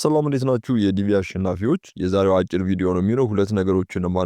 ሰላም እንዴት ናችሁ? የዲቪ አሸናፊዎች የዛሬው አጭር ቪዲዮ ነው የሚለው ሁለት ነገሮችን ነው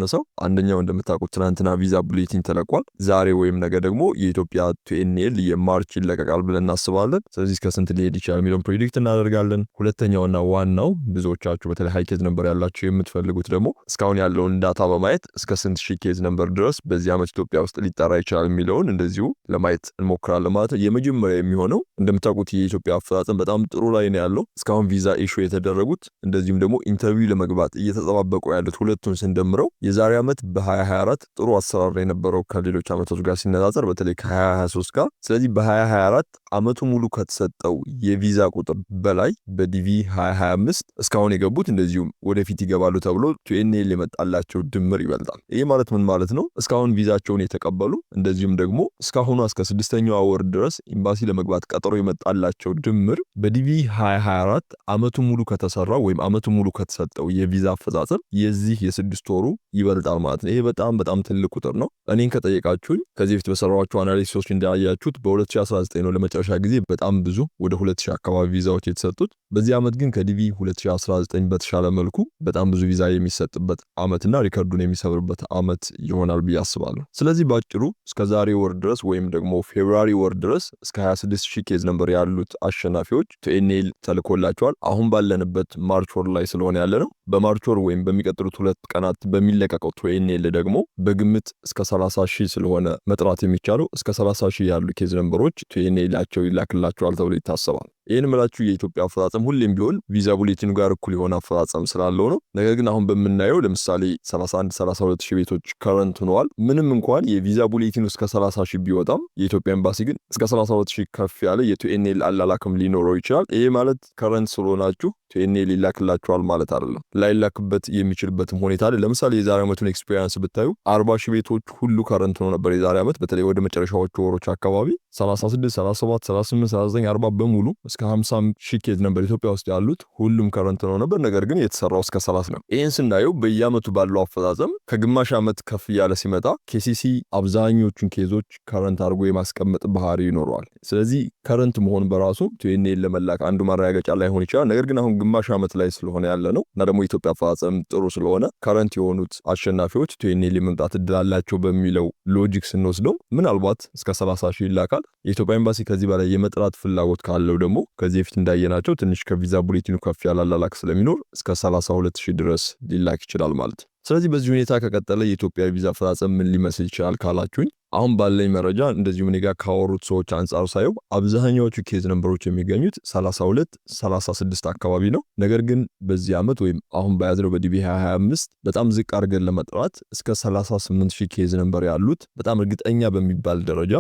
አንደኛው እንደምታውቁት ትናንትና ቪዛ ቡሌቲን ተለቋል። ዛሬ ወይም ነገ ደግሞ የኢትዮጵያ ቱኤንኤል የማርች ይለቀቃል ብለን እናስባለን። ስለዚህ እስከ ስንት ሊሄድ ይችላል የሚለውን ፕሬዲክት እናደርጋለን። ሁለተኛውና ዋናው ብዙዎቻችሁ በተለይ ሀይኬዝ ነንበር ነበር የምትፈልጉት ደግሞ እስካሁን ያለውን ዳታ በማየት እስከ ስንት ሺህ ኬዝ ነበር ድረስ በዚህ ዓመት ኢትዮጵያ ውስጥ ሊጠራ ይችላል የሚለውን እንደዚሁ ለማየት እንሞክራለን ማለት ነው። የመጀመሪያ የሚሆነው እንደምታውቁት የኢትዮጵያ አፈጻጸም በጣም ጥሩ ላይ ነው ያለው እስካሁን ቪዛ ኢሹ የተደረጉት እንደዚሁም ደግሞ ኢንተርቪው ለመግባት እየተጠባበቁ ያሉት ሁለቱን ስንደምረው የዛሬ ዓመት በ2024 ጥሩ አሰራር የነበረው ከሌሎች ዓመቶች ጋር ሲነጻጸር በተለይ ከ2023 ጋር ስለዚህ በ2024 ዓመቱ ሙሉ ከተሰጠው የቪዛ ቁጥር በላይ በዲቪ 2025 እስካሁን የገቡት እንደዚሁም ወደፊት ይገባሉ ተብሎ ቱኤንኤል የመጣላቸው ድምር ይበልጣል። ይህ ማለት ምን ማለት ነው? እስካሁን ቪዛቸውን የተቀበሉ እንደዚሁም ደግሞ እስካሁኑ እስከ ስድስተኛው ወር ድረስ ኤምባሲ ለመግባት ቀጠሮ የመጣላቸው ድምር በዲቪ 2024 ዓመቱ ሙሉ ከተሰራው ወይም አመቱ ሙሉ ከተሰጠው የቪዛ አፈጻጸም የዚህ የስድስት ወሩ ይበልጣል ማለት ነው። ይሄ በጣም በጣም ትልቅ ቁጥር ነው። እኔን ከጠየቃችሁኝ ከዚህ በፊት በሰራኋቸው አናሊሲሶች እንዳያችሁት በ2019 ነው ለመጨረሻ ጊዜ በጣም ብዙ ወደ 2000 አካባቢ ቪዛዎች የተሰጡት። በዚህ ዓመት ግን ከዲቪ 2019 በተሻለ መልኩ በጣም ብዙ ቪዛ የሚሰጥበት ዓመትና ሪከርዱን የሚሰብርበት ዓመት ይሆናል ብዬ አስባለሁ። ስለዚህ በአጭሩ እስከ ዛሬ ወር ድረስ ወይም ደግሞ ፌብራሪ ወር ድረስ እስከ 26 ኬዝ ነበር ያሉት አሸናፊዎች ቲኤንኤል ተልኮላቸዋል። አሁን ባለ ያለንበት ማርች ወር ላይ ስለሆነ ያለ ነው። በማርች ወር ወይም በሚቀጥሉት ሁለት ቀናት በሚለቀቀው ቱኤንኤል ደግሞ በግምት እስከ 30 ሺህ ስለሆነ መጥራት የሚቻለው እስከ 30 ሺህ ያሉ ኬዝ ነንበሮች ቱኤንኤላቸው ይላክላቸዋል ተብሎ ይታሰባል። ይህን ምላችሁ የኢትዮጵያ አፈጻጸም ሁሌም ቢሆን ቪዛ ቡሌቲኑ ጋር እኩል የሆነ አፈጻጸም ስላለው ነው። ነገር ግን አሁን በምናየው ለምሳሌ 31 32 ሺህ ቤቶች ከረንት ሆነዋል። ምንም እንኳን የቪዛ ቡሌቲኑ እስከ 30 ሺህ ቢወጣም የኢትዮጵያ ኤምባሲ ግን እስከ 32 ሺህ ከፍ ያለ የቱኤንኤል አላላክም ሊኖረው ይችላል። ይህ ማለት ከረንት ስለሆናችሁ ቱኤንኤል ይላክላችኋል ማለት አይደለም። ላይላክበት የሚችልበትም ሁኔታ አለ። ለምሳሌ የዛሬ ዓመቱን ኤክስፔሪንስ ብታዩ 40 ሺህ ቤቶች ሁሉ ከረንት ሆኖ ነበር የዛሬ ዓመት በተለይ ወደ መጨረሻዎቹ ወሮች አካባቢ 36 37 38 39 40 በሙሉ እስከ 50 ሺህ ኬዝ ነበር ኢትዮጵያ ውስጥ ያሉት ሁሉም ከረንት ነው ነበር። ነገር ግን የተሰራው እስከ 30 ነው። ይህን ስናየው በየአመቱ ባለው አፈጻጸም ከግማሽ ዓመት ከፍ እያለ ሲመጣ ኬሲሲ አብዛኞቹን ኬዞች ከረንት አድርጎ የማስቀመጥ ባህሪ ይኖረዋል። ስለዚህ ከረንት መሆን በራሱ ቲኤንኤን ለመላክ አንዱ ማረጋገጫ ላይሆን ይችላል። ነገር ግን አሁን ግማሽ ዓመት ላይ ስለሆነ ያለ ነው እና ደግሞ የኢትዮጵያ አፈጻጸም ጥሩ ስለሆነ ከረንት የሆኑት አሸናፊዎች ቲኤንኤን የመምጣት እድላላቸው በሚለው ሎጂክ ስንወስደው ምናልባት እስከ 30 ሺህ ይላካል የኢትዮጵያ ኤምባሲ ከዚህ በላይ የመጥራት ፍላጎት ካለው ደግሞ ከዚህ በፊት እንዳየናቸው ትንሽ ከቪዛ ቡሌቲኑ ከፍ ያለ አላላክ ስለሚኖር እስከ 32 ድረስ ሊላክ ይችላል ማለት። ስለዚህ በዚህ ሁኔታ ከቀጠለ የኢትዮጵያ ቪዛ አፈጻጸም ምን ሊመስል ይችላል ካላችሁኝ አሁን ባለኝ መረጃ እንደዚሁም እኔ ጋር ካወሩት ሰዎች አንጻር ሳየው አብዛኛዎቹ ኬዝ ነንበሮች የሚገኙት 32 36 አካባቢ ነው። ነገር ግን በዚህ ዓመት ወይም አሁን በያዝነው በዲቢ 25 በጣም ዝቅ አድርገን ለመጥራት እስከ 38 ኬዝ ነንበር ያሉት በጣም እርግጠኛ በሚባል ደረጃ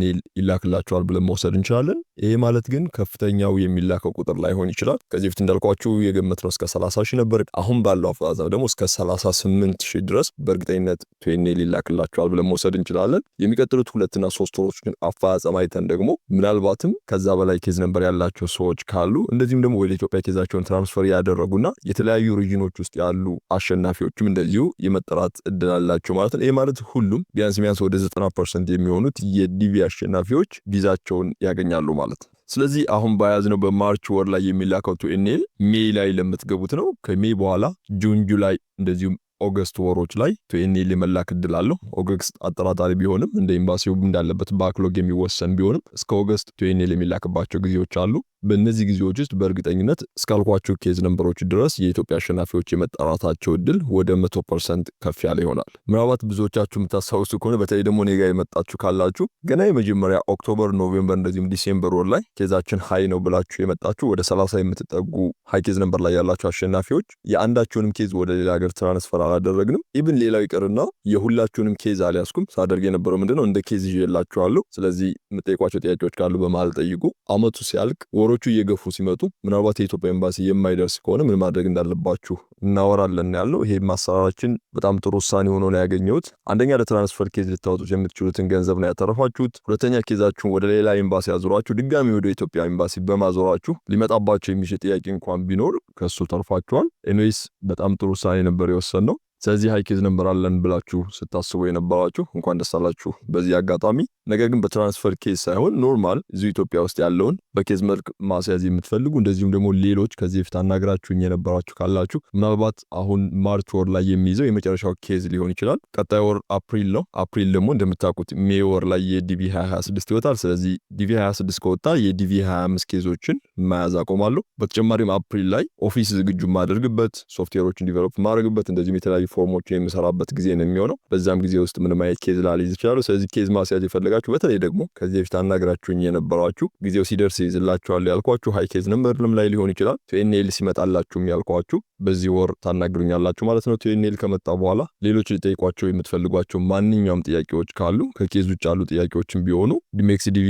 ኔል ይላክላቸዋል ብለን መውሰድ እንችላለን። ይሄ ማለት ግን ከፍተኛው የሚላከው ቁጥር ላይሆን ይችላል። ከዚህ በፊት እንዳልኳችሁ የገመት ነው እስከ 30 ሺህ ነበር። አሁን ባለው አፈጻጸም ደግሞ እስከ 38 ሺህ ድረስ በእርግጠኝነት ኔል ይላክላቸዋል ብለን መውሰድ እንችላለን። የሚቀጥሉት ሁለትና ሶስት ወሮች ግን አፈጻጸም አይተን ደግሞ ምናልባትም ከዛ በላይ ኬዝ ነበር ያላቸው ሰዎች ካሉ እንደዚሁም ደግሞ ወደ ኢትዮጵያ ኬዛቸውን ትራንስፈር ያደረጉና የተለያዩ ሪጅኖች ውስጥ ያሉ አሸናፊዎችም እንደዚሁ የመጠራት እድል አላቸው ማለት ነው። ይህ ማለት ሁሉም ቢያንስ ቢያንስ ወደ ዘጠና ፐርሰንት የሚሆኑት የዲቪ አሸናፊዎች ቪዛቸውን ያገኛሉ ማለት ነው። ስለዚህ አሁን በያዝነው በማርች ወር ላይ የሚላከው ቱ ኤን ኤል ሜይ ላይ ለምትገቡት ነው። ከሜይ በኋላ ጁን፣ ጁላይ እንደዚሁም ኦገስት ወሮች ላይ ዩኤንኤል የመላክ እድል አለው። ኦገስት አጠራጣሪ ቢሆንም እንደ ኤምባሲው እንዳለበት ባክሎግ የሚወሰን ቢሆንም እስከ ኦገስት ዩኤንኤል የሚላክባቸው ጊዜዎች አሉ። በእነዚህ ጊዜዎች ውስጥ በእርግጠኝነት እስካልኳቸው ኬዝ ነንበሮች ድረስ የኢትዮጵያ አሸናፊዎች የመጠራታቸው እድል ወደ መቶ ፐርሰንት ከፍ ያለ ይሆናል። ምናልባት ብዙዎቻችሁ የምታስታውሱ ከሆነ በተለይ ደግሞ እኔ የመጣችሁ ካላችሁ ገና የመጀመሪያ ኦክቶበር፣ ኖቬምበር እንደዚሁም ዲሴምበር ወር ላይ ኬዛችን ሀይ ነው ብላችሁ የመጣችሁ ወደ ሰላሳ የምትጠጉ ሀይ ኬዝ ነንበር ላይ ያላችሁ አሸናፊዎች የአንዳቸውንም ኬዝ ወደ ሌላ ሀገር ትራንስፈር አላደረግንም። ኢብን ሌላው ይቅርና የሁላችሁንም ኬዝ አልያዝኩም። ሳደርግ የነበረው ምንድነው እንደ ኬዝ ይዤላችኋለሁ። ስለዚህ የምጠይቋቸው ጥያቄዎች ካሉ በማል ጠይቁ። አመቱ ሲያልቅ ወሮቹ እየገፉ ሲመጡ ምናልባት የኢትዮጵያ ኤምባሲ የማይደርስ ከሆነ ምን ማድረግ እንዳለባችሁ እናወራለን ያለው። ይሄ ማሰራራችን በጣም ጥሩ ውሳኔ ሆኖ ነው ያገኘሁት። አንደኛ ለትራንስፈር ኬዝ ልታወጡት የምትችሉትን ገንዘብ ነው ያተረፋችሁት። ሁለተኛ ኬዛችሁን ወደ ሌላ ኤምባሲ አዙራችሁ ድጋሚ ወደ ኢትዮጵያ ኤምባሲ በማዞራችሁ ሊመጣባቸው የሚችል ጥያቄ እንኳን ቢኖር ከሱ ተርፋችኋል። ኤኒዌይስ በጣም ጥሩ ውሳኔ ነበር የወሰን ነው። ስለዚህ ሀይክ እንምራለን ብላችሁ ስታስቡ የነበራችሁ እንኳን ደስ አላችሁ በዚህ አጋጣሚ። ነገር ግን በትራንስፈር ኬዝ ሳይሆን ኖርማል እዚሁ ኢትዮጵያ ውስጥ ያለውን በኬዝ መልክ ማስያዝ የምትፈልጉ እንደዚሁም ደግሞ ሌሎች ከዚህ በፊት አናግራችሁኝ የነበራችሁ ካላችሁ ምናልባት አሁን ማርች ወር ላይ የሚይዘው የመጨረሻው ኬዝ ሊሆን ይችላል። ቀጣይ ወር አፕሪል ነው። አፕሪል ደግሞ እንደምታውቁት ሜ ወር ላይ የዲቪ 226 ይወጣል። ስለዚህ ዲቪ 26 ከወጣ የዲቪ 25 ኬዞችን መያዝ አቆማለሁ። በተጨማሪም አፕሪል ላይ ኦፊስ ዝግጁ ማደርግበት ሶፍትዌሮችን ዲቨሎፕ ማድረግበት እንደዚሁም የተለያዩ ፎርሞች የምሰራበት ጊዜ ነው የሚሆነው። በዛም ጊዜ ውስጥ ምንም አይነት ኬዝ ላልይዝ ይችላሉ። ስለዚህ ኬዝ ማስያዝ የፈለጋችሁ በተለይ ደግሞ ከዚህ በፊት አናግራችሁኝ የነበራችሁ ጊዜው ሲደርስ ይዝላችኋል ያልኳችሁ ሀይ ኬዝ ነምበርልም ላይ ሊሆን ይችላል ቲኤንኤል ሲመጣላችሁም ያልኳችሁ በዚህ ወር ታናግሩኛላችሁ ማለት ነው። ቲኤንኤል ከመጣ በኋላ ሌሎች ሊጠይቋቸው የምትፈልጓቸው ማንኛውም ጥያቄዎች ካሉ ከኬዝ ውጭ ያሉ ጥያቄዎችን ቢሆኑ ዲሜክስ ዲቪ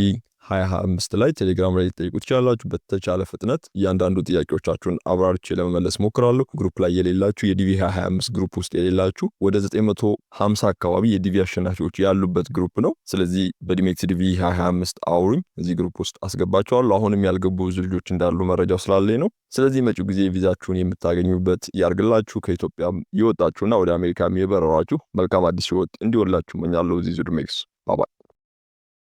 2025 ላይ ቴሌግራም ላይ ሊጠይቁ ትችላላችሁ። በተቻለ ፍጥነት እያንዳንዱ ጥያቄዎቻችሁን አብራርቼ ለመመለስ ሞክራለሁ። ግሩፕ ላይ የሌላችሁ የዲቪ 25 ግሩፕ ውስጥ የሌላችሁ ወደ 950 አካባቢ የዲቪ አሸናፊዎች ያሉበት ግሩፕ ነው። ስለዚህ በዲሜክስ ዲቪ 25 አውሩኝ እዚህ ግሩፕ ውስጥ አስገባቸዋለሁ። አሁንም ያልገቡ ብዙ ልጆች እንዳሉ መረጃው ስላለኝ ነው። ስለዚህ መጪው ጊዜ ቪዛችሁን የምታገኙበት ያርግላችሁ። ከኢትዮጵያ የወጣችሁና ወደ አሜሪካ የበረራችሁ መልካም አዲስ ህይወት እንዲወላችሁ መኛለሁ። እዚህ ዙድሜክስ ባባይ